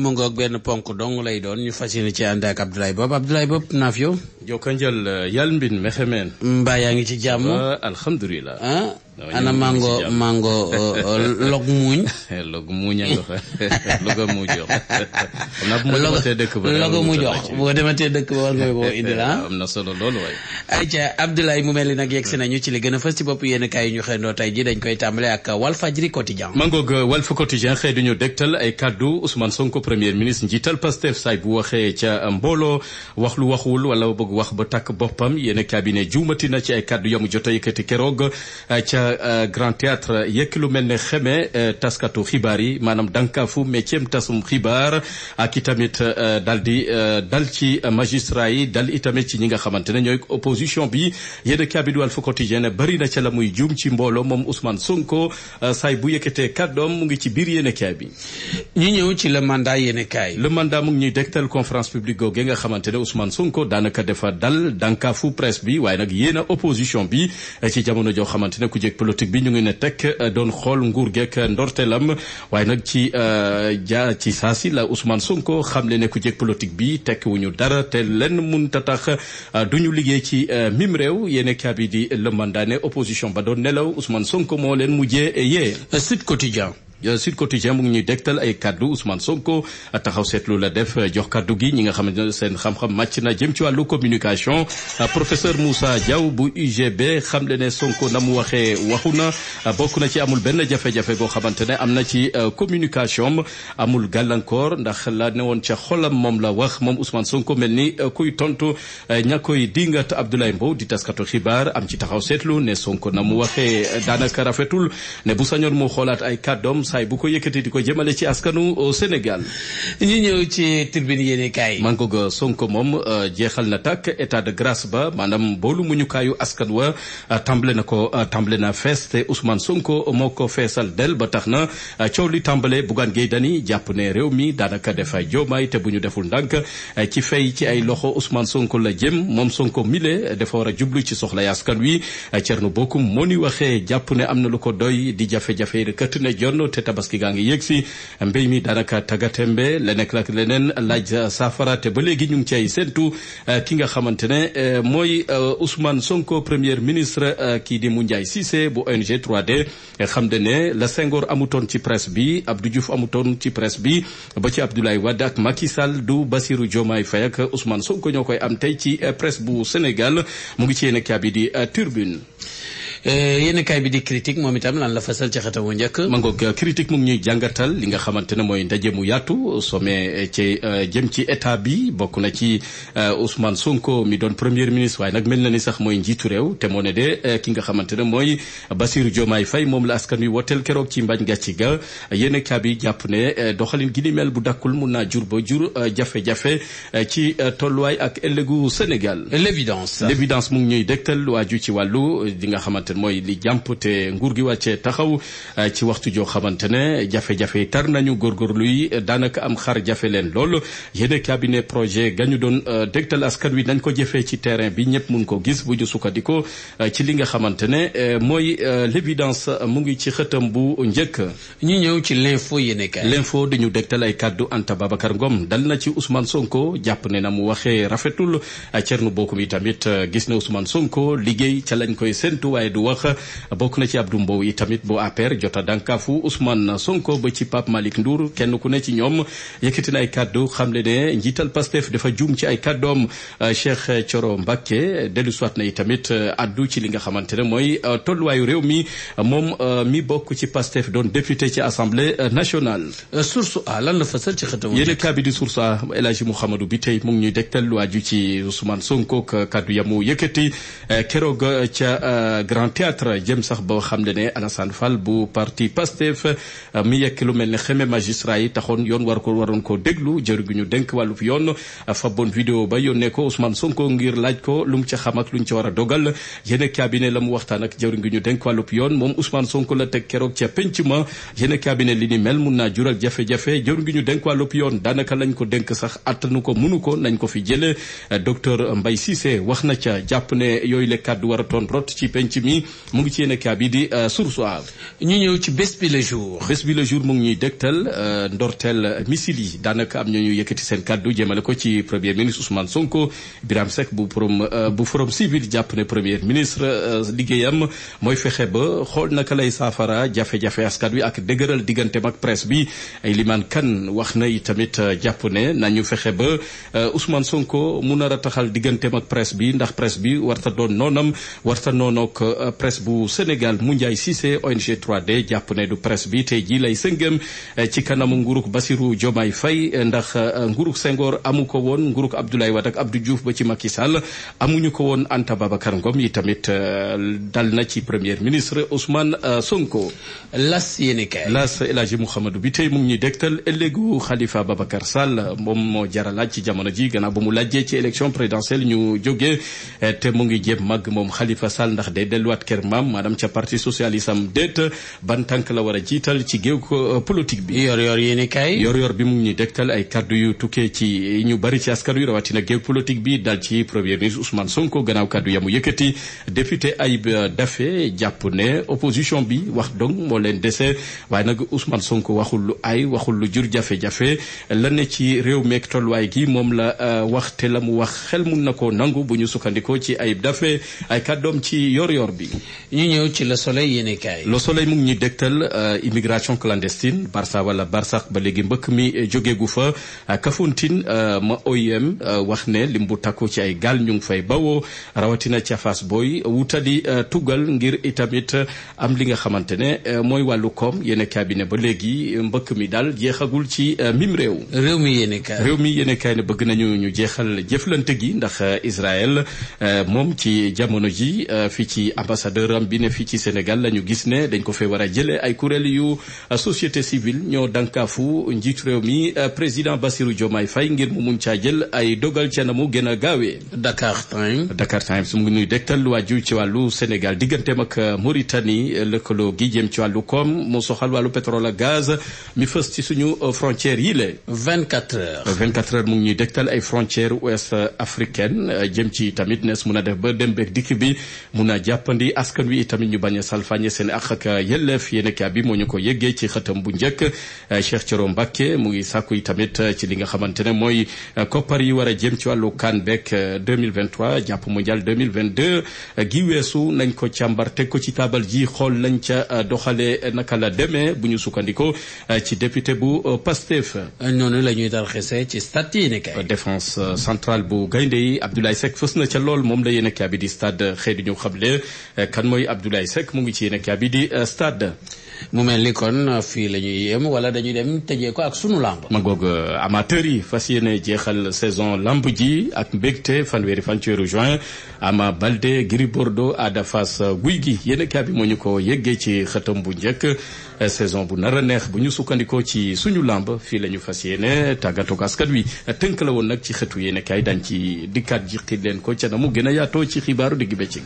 mu ngoog benn ponk dong lay doon ñu fas yéene ci ànd ak Abdoulaye Bob Abdoulaye Bob naaf yow. Jokka njël yal mbin mexe meen. mbaa yaa ngi ci jàmm. alhamdulilah. Ah, ana mango mango log muuñ. log muuñ a nga fa logo mu jox. xam naa bu ma dematee dëkk ba. logo mu jox dëkk ba war nga koo indil ah. am na solo loolu waay. ayca Abdoulaye mu mel ni nag yegg si nañu ci li gën a fës ci bopp yenn kaay yu ñu xëyandoo tey ji dañ koy tàmbale ak Walfadjri quotidien. mangoog Walf quotidien xëy duñu dégtal ay kaddu Ousmane Sonko premier ministre njiital Pastef saay bu waxee ca mbooloo wax lu waxul wala bëgg wax ba takk boppam yenn cabinet juumati na ci ay kaddu yamu jot a yëkkati keroog ca ca euh, euh, Grand Théâtre yëkk lu mel ne xeme euh, taskatu xibaar yi maanaam dankafu métiem tasum xibaar ak itamit daal di dal ci magistrat yi dal itamit ci ñi nga xamante ne ñooy opposition bi yéen a bi Walf Quotidien bari na ca la muy juum ci mbooloo moom Ousmane Sonko saay bu yëkkatee doom mu ngi ci biir yéen kaay bi. ñu ñëw ci le mandat yéen kaay. le mandat mu ngi ñuy dégtal confrance publique googu nga xamante ne Ousmane Sonko daanaka dafa dal dankafu presse bi a opposition bi ci politique bi ñu ngi ne tekk euh, doon xool nguur geek ndorteelam waaye nag ci euh, ja ci saa la Ousmane Sonko xam le ne ku jeeg politique bi tekkiwuñu dara te lenn mënut a tax euh, du ñu liggéey ci mim réew yéen kaabi di le mandat ne opposition ba doon nelaw Ousmane Sonko moo leen mujjee yee. Sud Quotidien Sud Quotidien mu ngi ñuy dégtal ay kaddu Ousmane Sonko taxaw seetlu la def jox kaddu gi ñi nga xam ne seen xam-xam màcc na jëm ci wàllu communication professeur Moussa Diaw bu UGB xam le ne Sonko na mu waxee waxu na bokk na ci amul benn jafe-jafe boo xamante ne am na ci euh, communication amul gàllankoor ndax la ne woon ca xolam moom la wax moom Ousmane Sonko mel ni euh, kuy tontu euh, ña koy dingat Abdoulaye Mbow di taskatu xibaar am ci taxaw seetlu ne Sonko na mu waxee daanaka rafetul ne bu sañoon mu xoolaat ay kàddoom saay bu ko yëkkati di ko jëmale ci askanu euh, Sénégal. ñu ñëw ci tribune yéene kaay. maa ngi Sonko moom euh, jeexal na takk état de grâce ba maanaam boolu muñukaayu askan wa euh, tàmbale na ko tàmbale na fees te ausman Sonko moo ko feesal del ba tax na coow li tàmbale Bougane Gueye Dany jàpp ne réew mi daanaka dafay joomaay bu ñu deful ndànk ci fay ci ay loxo Ousmane Sonko la jëm moom Sonko mile dafa war a jublu ci soxlay askan wi Thierno Bocoum moo ni waxee jàpp ne am na lu ko doy di jafe-jafe këtt ne jonn te tabaski gaa ngi yëg si mbéy mi daanaka tagatembe leneen ak leneen laaj saafara te ba léegi ñu ngi ci ay séntu eh, ki nga xamante ne eh, mooy eh, Ousmane Sonko première ministre kii di Moundiaye Cissé bu ONG 3D xam de ne la Senghor amutoon ci presse bi Abdou Diouf amutoon ci presse bi ba ci Abdoulaye Wade ak Macky Sall du Bassirou Diomaye Faye ak Ousmane Sonko ñoo koy am tey ci presse bu Sénégal mu ngi ci yéen a yi di Turbine Eh, yenn kaay bi di critique moom itam lan la fasal ci xetam wu njëkk. ma ngoog eh, critique moom ñuy jàngatal li nga xamante ne mooy ndaje mu yaatu sommet eh, ci jëm ci état bi bokk na ci Ousmane Sonko mi doon premier ministre waaye nag mel na ni sax mooy njiitu réew te moo ne de ki nga xamante ne mooy Bassirou joomaay fay moom la askan wi woteel keroog ci mbañ nga ci ga yenn kaay bi jàpp ne doxalin gi ni bu dakkul mun naa jur ba jur jafe-jafe ci tolluwaay ak ëllëgu Sénégal. l'évidence l'évidence ci wàllu di nga xamante mooy li jàmp te nguur gi wàccee taxaw euh, ci waxtu joo xamante ne jafe-jafe tar nañu góorgóorlu yi daanaka am xar jafe leen lool yéen cabinet projet gañu doon euh, dégtal askan wi nañ ko jëfee ci terrain bi ñëpp mun ko gis bu ñu sukkandikoo euh, ci li nga xamante ne mooy l'évidence mu ngi ci xëtam bu njëkk. ñu ñëw ci l'info yéen kaay. l'info ñu dégtal ay kàddu Anta Babacar Ngom dal na ci Ousmane Sonko jàpp ne na mu waxee rafetul nu Bocoum yi tamit gis na Ousmane Sonko liggéey ca lañ koy séntu waaye du wax bokk na ci Abdou Mbow yi tamit bu APR jota dànkaafu Ousmane Sonko ba ci Pape Malick Ndour kenn ku ne ci ñoom yëkkati na ay kàddu xamle ne njiital Pastef dafa juum ci ay kàddoom Cheikh Thioro Mbacké dellu soit na tamit uh, addu ci li nga xamante ne mooy uh, tolluwaayu réew mi uh, moom mi bokk ci Pastef doon député ci assemblée nationale. source a lan la fasal ci xëtamu. yéen kaa bi di source a El bi tey mu ngi ñuy dégtal lu ci Ousmane Sonko kaddu yamu yëkkati keroog ca grand. grand théâtre jëm sax boo xam ne ne Alassane Fall bu parti Pastef euh, mi yekk lu mel ne xeme magistrat yi taxoon yoon war ko waroon koo déglu jëru gi ñu dénk wàllub yoon euh, fa bon vidéo ba yónnee ko Ousmane Sonko ngir laaj ko lu mu ca xam ak lu ñu ca war a dogal yéen cabinet la mu waxtaan ak jëru gi ñu dénk wàllub yoon moom Ousmane Sonko la teg keroog ca penc ma yéen cabinet li ni mel mun naa jural jafe-jafe jëru gi ñu dénk yoon daanaka lañ ko dénk sax attanu ko munu ko nañ ko fi jële euh, docteur Mbaye nii mu ngi ci yéen a bi di euh, Source A. ñu ñëw ci bés bi le jour. bés bi le jour mu ngi ñuy dégtal euh, ndorteel misil yi daanaka am na ñu yëkkati seen kàddu jëmale ko ci premier ministre Ousmane Sonko Birame Seck bu forum euh, bu forum civil jàpp ne premier ministre liggéeyam mooy fexe ba xool naka lay saafara jafe-jafe askat wi ak dëgëral digganteem ak presse bi ay Eliman Kan wax na tamit jàpp ne nañu fexe ba Ousmane Sonko mu nar a taxal digganteem ak presse bi ndax presse bi Euh, presse bu Sénégal Moundiaye Cissé ONG 3D jàpp ne du presse bi tey jii lay sëngëm euh, ci kanamu nguurug Bassirou Diomaye fay euh, ndax nguurug Senghor amu ko woon nguurug Abdoulaye Wade ak Abdou Diouf ba ci Macky Sall amuñu ko woon Anta Babacar Ngom yi tamit dal na ci premier ministre Ousmane Sonko. las yéene kay las El Hadji bi tey moom ñu ñuy dégtal ëllëgu Khalifa Babacar Sall moom moo jar a ci jamono ji gana ba mu laajee ci élection présidentielle ñu jógee te mu ngi delluwaat kër maam maanaam ca parti socialiste am déet ban tànk la war a jiital ci géew euh, politique bi. yor yor yéen kay. yor yor bi mu ngi ñuy ay kaddu yu tukkee ci ñu bari ci askan wi rawatina géew politique bi dal ne opposition bi wax dong moo leen dese waaye nag Ousmane Sonko waxul lu ay waxul lu jur jafe-jafe la ne ci réew meeg tolluwaay gi moom la euh, wax la mu wax xel mun na koo nangu bu ñu sukkandikoo ci Ayib Daffé ay kàddoom ci yor-yor bi. bi. ñu ñëw ci le soleil yéene kaay. le soleil mu ngi ñuy dégtal euh, immigration clandestine Barça wala Barsax ba léegi mbëkk mi euh, jóge gu fa euh, Kafountine ma OIM wax ne lim bu takku ci ay gaal ñu ngi fay bawoo rawatina ca Fass Boy wutali tugal ngir itamit am li nga xamante ne mooy wàllu koom yéene kaay ba léegi mbëkk mi daal jeexagul ci mim réew. réew mi yéene kaay mi yéene kaay ne bëgg nañu ñu jeexal jëflante gi ndax Israël moom ci jamono ji fi ci ambassadeur am bi ne fii ci Sénégal gis ne dañ ko fee war a jëlee ay kuréel yu euh, société civile ñoo dànkaafu njiitu réew mi euh, président Bassirou Diomaye Faye ngir mu mun caa jël ay dogal ca na mu gën a gaawee. Dakar Times. Dakar Times mu ngi nuy dégtal lu waaju ci wàllu Sénégal digganteem ak euh, Mauritanie lëkkaloo gi jëm ci wàllu koom mu soxal wàllu pétrole ak mi fës ci suñu frontières yi la. 24 heures. 24 heures mu ngi ñuy dégtal ay frontières ouest africaine jëm ci tamit nees mun a def ba dem beeg dikk bi mun a jàppandi. di askan wi itamit ñu bañ a salfaañe seen ak ak yelleef yéenekaay bi moo ñu ko yëggee ci xëtam bu njëkk Cheikh Thioro Mbacké mu ngi sàkku itamit ci li nga xamante ne mooy koppar yi war a jëm ci wàllu CAN beeg 2023 jàpp mondial 2022 gi weesu nañ ko càmbar teg ko ci taabal ji xool nañ ca doxale naka la demee bu ñu sukkandikoo ci député bu Pastef. noonu la ñuy dal xese ci stade yéenekaay. défense centrale bu gaynde yi Abdoulaye Seck fës na ca lool moom la yéenekaay bi di Eh, kan mooy Abdoulaye Seck mu ngi ci yéenekaay bi di eh, stade. mu mel ni kon eh, fii la ñuy yem wala dañuy dem tegee ko ak suñu lamb. ma goog amateurs yi fas yéene jeexal saison lamb ji ak mbégte fanweeri fan ci weeru juin Ama Baldé Gris Bordeaux Ada Fass guy gi yéenekaay bi moo ñu ko yëggee ci xëtam bu njëkk saison bu nar a neex bu ñu sukkandikoo ci suñu làmb fii la ñu fas yéene tàggatoo ko askan wi tënk la woon nag ci xëtu yéenekaay dañ ci dikkaat ji leen ko ca na mu gën a yaatoo ci xibaaru digg